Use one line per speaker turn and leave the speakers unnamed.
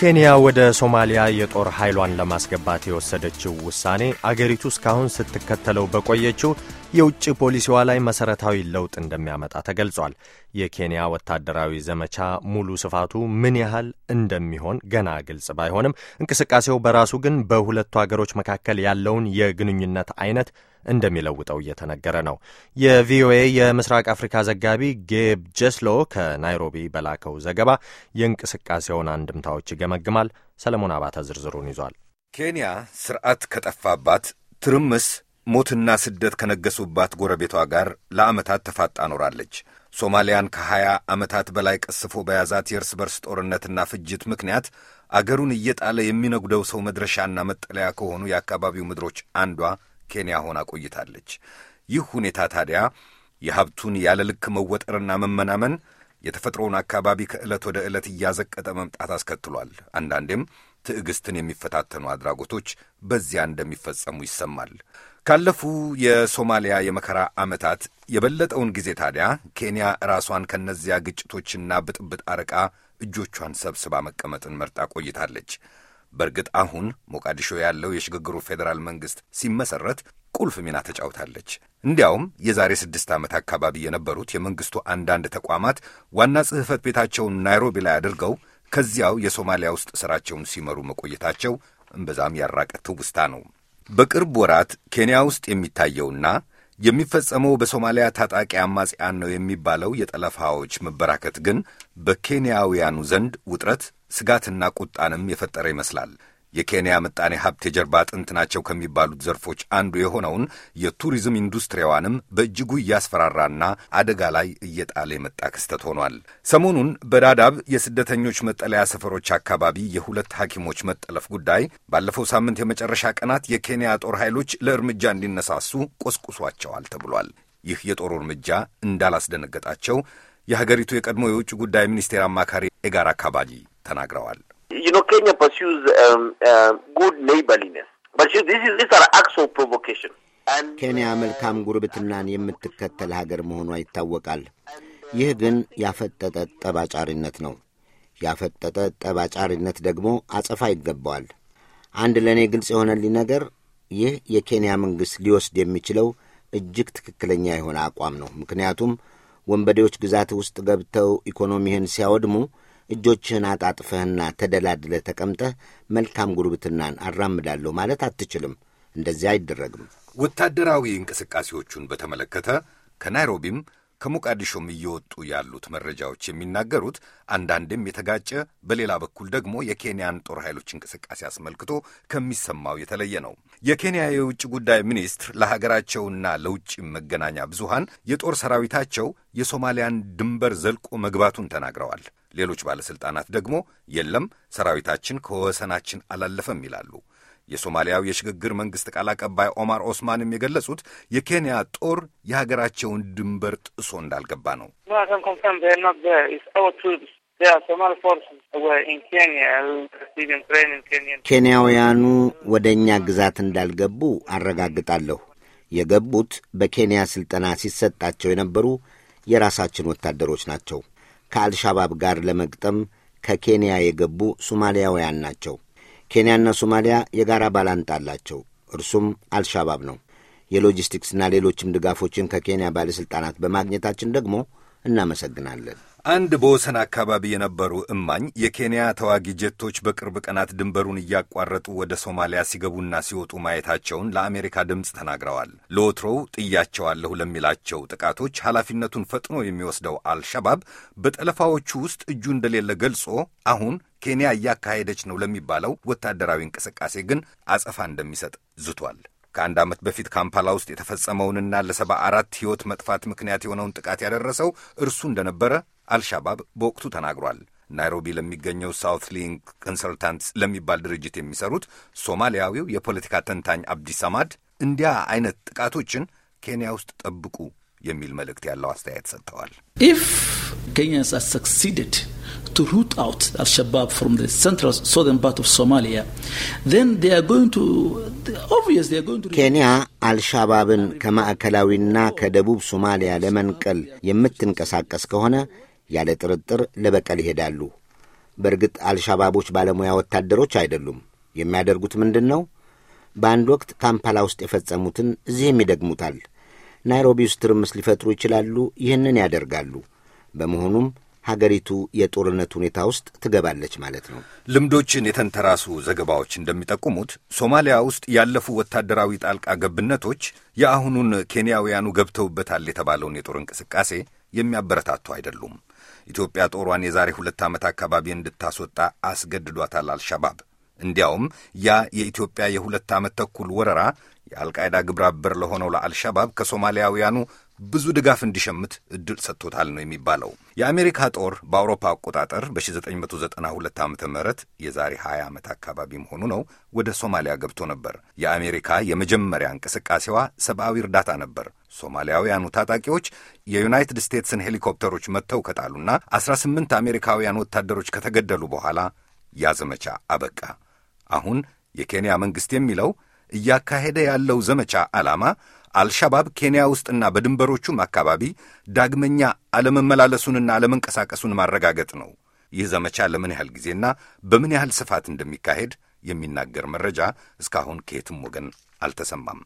ኬንያ ወደ ሶማሊያ የጦር ኃይሏን ለማስገባት የወሰደችው ውሳኔ አገሪቱ እስካሁን ስትከተለው በቆየችው የውጭ ፖሊሲዋ ላይ መሠረታዊ ለውጥ እንደሚያመጣ ተገልጿል። የኬንያ ወታደራዊ ዘመቻ ሙሉ ስፋቱ ምን ያህል እንደሚሆን ገና ግልጽ ባይሆንም እንቅስቃሴው በራሱ ግን በሁለቱ አገሮች መካከል ያለውን የግንኙነት አይነት እንደሚለውጠው እየተነገረ ነው። የቪኦኤ የምስራቅ አፍሪካ ዘጋቢ ጌብ ጀስሎ ከናይሮቢ በላከው ዘገባ የእንቅስቃሴውን አንድምታዎች ይገመግማል። ሰለሞን አባተ ዝርዝሩን ይዟል። ኬንያ ስርዓት ከጠፋባት ትርምስ፣ ሞትና ስደት ከነገሱባት ጎረቤቷ ጋር ለዓመታት ተፋጣ ኖራለች። ሶማሊያን ከሀያ ዓመታት በላይ ቀስፎ በያዛት የእርስ በርስ ጦርነትና ፍጅት ምክንያት አገሩን እየጣለ የሚነጉደው ሰው መድረሻና መጠለያ ከሆኑ የአካባቢው ምድሮች አንዷ ኬንያ ሆና ቆይታለች። ይህ ሁኔታ ታዲያ የሀብቱን ያለ ልክ መወጠርና መመናመን የተፈጥሮውን አካባቢ ከዕለት ወደ ዕለት እያዘቀጠ መምጣት አስከትሏል። አንዳንዴም ትዕግስትን የሚፈታተኑ አድራጎቶች በዚያ እንደሚፈጸሙ ይሰማል። ካለፉ የሶማሊያ የመከራ ዓመታት የበለጠውን ጊዜ ታዲያ ኬንያ ራሷን ከነዚያ ግጭቶችና ብጥብጥ አርቃ እጆቿን ሰብስባ መቀመጥን መርጣ ቆይታለች። በእርግጥ አሁን ሞቃዲሾ ያለው የሽግግሩ ፌዴራል መንግስት ሲመሰረት ቁልፍ ሚና ተጫውታለች። እንዲያውም የዛሬ ስድስት ዓመት አካባቢ የነበሩት የመንግስቱ አንዳንድ ተቋማት ዋና ጽሕፈት ቤታቸውን ናይሮቢ ላይ አድርገው ከዚያው የሶማሊያ ውስጥ ሥራቸውን ሲመሩ መቆየታቸው እምበዛም ያራቀ ትውስታ ነው። በቅርብ ወራት ኬንያ ውስጥ የሚታየውና የሚፈጸመው በሶማሊያ ታጣቂ አማጽያን ነው የሚባለው የጠለፋዎች መበራከት ግን በኬንያውያኑ ዘንድ ውጥረት ስጋትና ቁጣንም የፈጠረ ይመስላል። የኬንያ ምጣኔ ሀብት የጀርባ አጥንት ናቸው ከሚባሉት ዘርፎች አንዱ የሆነውን የቱሪዝም ኢንዱስትሪዋንም በእጅጉ እያስፈራራና አደጋ ላይ እየጣለ የመጣ ክስተት ሆኗል። ሰሞኑን በዳዳብ የስደተኞች መጠለያ ሰፈሮች አካባቢ የሁለት ሐኪሞች መጠለፍ ጉዳይ ባለፈው ሳምንት የመጨረሻ ቀናት የኬንያ ጦር ኃይሎች ለእርምጃ እንዲነሳሱ ቆስቁሷቸዋል ተብሏል። ይህ የጦር እርምጃ እንዳላስደነገጣቸው የሀገሪቱ የቀድሞ የውጭ ጉዳይ ሚኒስቴር አማካሪ ኤጋራ ካባጂ ተናግረዋል።
use um, uh, good neighborliness. But you, this is, these are acts of provocation. ኬንያ መልካም ጉርብትናን የምትከተል ሀገር መሆኗ ይታወቃል። ይህ ግን ያፈጠጠ ጠባጫሪነት ነው። ያፈጠጠ ጠባጫሪነት ደግሞ አጸፋ ይገባዋል። አንድ ለእኔ ግልጽ የሆነልኝ ነገር ይህ የኬንያ መንግሥት ሊወስድ የሚችለው እጅግ ትክክለኛ የሆነ አቋም ነው። ምክንያቱም ወንበዴዎች ግዛት ውስጥ ገብተው ኢኮኖሚህን ሲያወድሙ እጆችህን አጣጥፈህና ተደላድለህ ተቀምጠህ መልካም ጉርብትናን አራምዳለሁ ማለት አትችልም። እንደዚያ አይደረግም።
ወታደራዊ እንቅስቃሴዎቹን በተመለከተ ከናይሮቢም ከሞቃዲሾም እየወጡ ያሉት መረጃዎች የሚናገሩት አንዳንድም የተጋጨ በሌላ በኩል ደግሞ የኬንያን ጦር ኃይሎች እንቅስቃሴ አስመልክቶ ከሚሰማው የተለየ ነው። የኬንያ የውጭ ጉዳይ ሚኒስትር ለሀገራቸውና ለውጭ መገናኛ ብዙሃን የጦር ሰራዊታቸው የሶማሊያን ድንበር ዘልቆ መግባቱን ተናግረዋል። ሌሎች ባለሥልጣናት ደግሞ የለም ሰራዊታችን ከወሰናችን አላለፈም ይላሉ። የሶማሊያው የሽግግር መንግሥት ቃል አቀባይ ኦማር ኦስማንም የገለጹት የኬንያ ጦር የሀገራቸውን ድንበር ጥሶ እንዳልገባ ነው።
ኬንያውያኑ ወደ እኛ ግዛት እንዳልገቡ አረጋግጣለሁ። የገቡት በኬንያ ሥልጠና ሲሰጣቸው የነበሩ የራሳችን ወታደሮች ናቸው። ከአልሻባብ ጋር ለመግጠም ከኬንያ የገቡ ሶማሊያውያን ናቸው። ኬንያና ሶማሊያ የጋራ ባላንጣ አላቸው። እርሱም አልሻባብ ነው። የሎጂስቲክስና ሌሎችም ድጋፎችን ከኬንያ ባለሥልጣናት በማግኘታችን ደግሞ እናመሰግናለን።
አንድ በወሰን አካባቢ የነበሩ እማኝ የኬንያ ተዋጊ ጀቶች በቅርብ ቀናት ድንበሩን እያቋረጡ ወደ ሶማሊያ ሲገቡና ሲወጡ ማየታቸውን ለአሜሪካ ድምፅ ተናግረዋል። ለወትሮው ጥያቸዋለሁ ለሚላቸው ጥቃቶች ኃላፊነቱን ፈጥኖ የሚወስደው አልሸባብ በጠለፋዎቹ ውስጥ እጁ እንደሌለ ገልጾ አሁን ኬንያ እያካሄደች ነው ለሚባለው ወታደራዊ እንቅስቃሴ ግን አጸፋ እንደሚሰጥ ዝቷል። ከአንድ ዓመት በፊት ካምፓላ ውስጥ የተፈጸመውንና ለሰባ አራት ሕይወት መጥፋት ምክንያት የሆነውን ጥቃት ያደረሰው እርሱ እንደነበረ አልሻባብ በወቅቱ ተናግሯል። ናይሮቢ ለሚገኘው ሳውት ሊንክ ኮንሰልታንትስ ለሚባል ድርጅት የሚሰሩት ሶማሊያዊው የፖለቲካ ተንታኝ አብዲ ሰማድ እንዲያ አይነት ጥቃቶችን ኬንያ ውስጥ ጠብቁ የሚል መልእክት ያለው አስተያየት ሰጥተዋል።
ኢፍ ኬንያንስ ሰክሲደድ to root out Al Shabaab from the central southern part of Somalia, then they are going to obvious they are going to ኬንያ አልሻባብን ከማዕከላዊና ከደቡብ ሶማሊያ ለመንቀል የምትንቀሳቀስ ከሆነ ያለ ጥርጥር ለበቀል ይሄዳሉ። በእርግጥ አልሻባቦች ባለሙያ ወታደሮች አይደሉም። የሚያደርጉት ምንድን ነው? በአንድ ወቅት ካምፓላ ውስጥ የፈጸሙትን እዚህም ይደግሙታል። ናይሮቢ ውስጥ ትርምስ ሊፈጥሩ ይችላሉ። ይህንን ያደርጋሉ። በመሆኑም ሀገሪቱ የጦርነት ሁኔታ ውስጥ ትገባለች ማለት
ነው። ልምዶችን የተንተራሱ ዘገባዎች እንደሚጠቁሙት ሶማሊያ ውስጥ ያለፉ ወታደራዊ ጣልቃ ገብነቶች የአሁኑን ኬንያውያኑ ገብተውበታል የተባለውን የጦር እንቅስቃሴ የሚያበረታቱ አይደሉም። ኢትዮጵያ ጦሯን የዛሬ ሁለት ዓመት አካባቢ እንድታስወጣ አስገድዷታል አልሻባብ። እንዲያውም ያ የኢትዮጵያ የሁለት ዓመት ተኩል ወረራ የአልቃይዳ ግብረ ለሆነው ለአልሻባብ ከሶማሊያውያኑ ብዙ ድጋፍ እንዲሸምት እድል ሰጥቶታል ነው የሚባለው። የአሜሪካ ጦር በአውሮፓ አቆጣጠር በ1992 ዓ ም የዛሬ 20 ዓመት አካባቢ መሆኑ ነው ወደ ሶማሊያ ገብቶ ነበር። የአሜሪካ የመጀመሪያ እንቅስቃሴዋ ሰብአዊ እርዳታ ነበር። ሶማሊያውያኑ ታጣቂዎች የዩናይትድ ስቴትስን ሄሊኮፕተሮች መጥተው ከጣሉና 18 አሜሪካውያን ወታደሮች ከተገደሉ በኋላ ያ ዘመቻ አበቃ። አሁን የኬንያ መንግሥት የሚለው እያካሄደ ያለው ዘመቻ ዓላማ አልሻባብ ኬንያ ውስጥና በድንበሮቹም አካባቢ ዳግመኛ አለመመላለሱንና አለመንቀሳቀሱን ማረጋገጥ ነው። ይህ ዘመቻ ለምን ያህል ጊዜና በምን ያህል ስፋት እንደሚካሄድ የሚናገር መረጃ እስካሁን ከየትም ወገን አልተሰማም።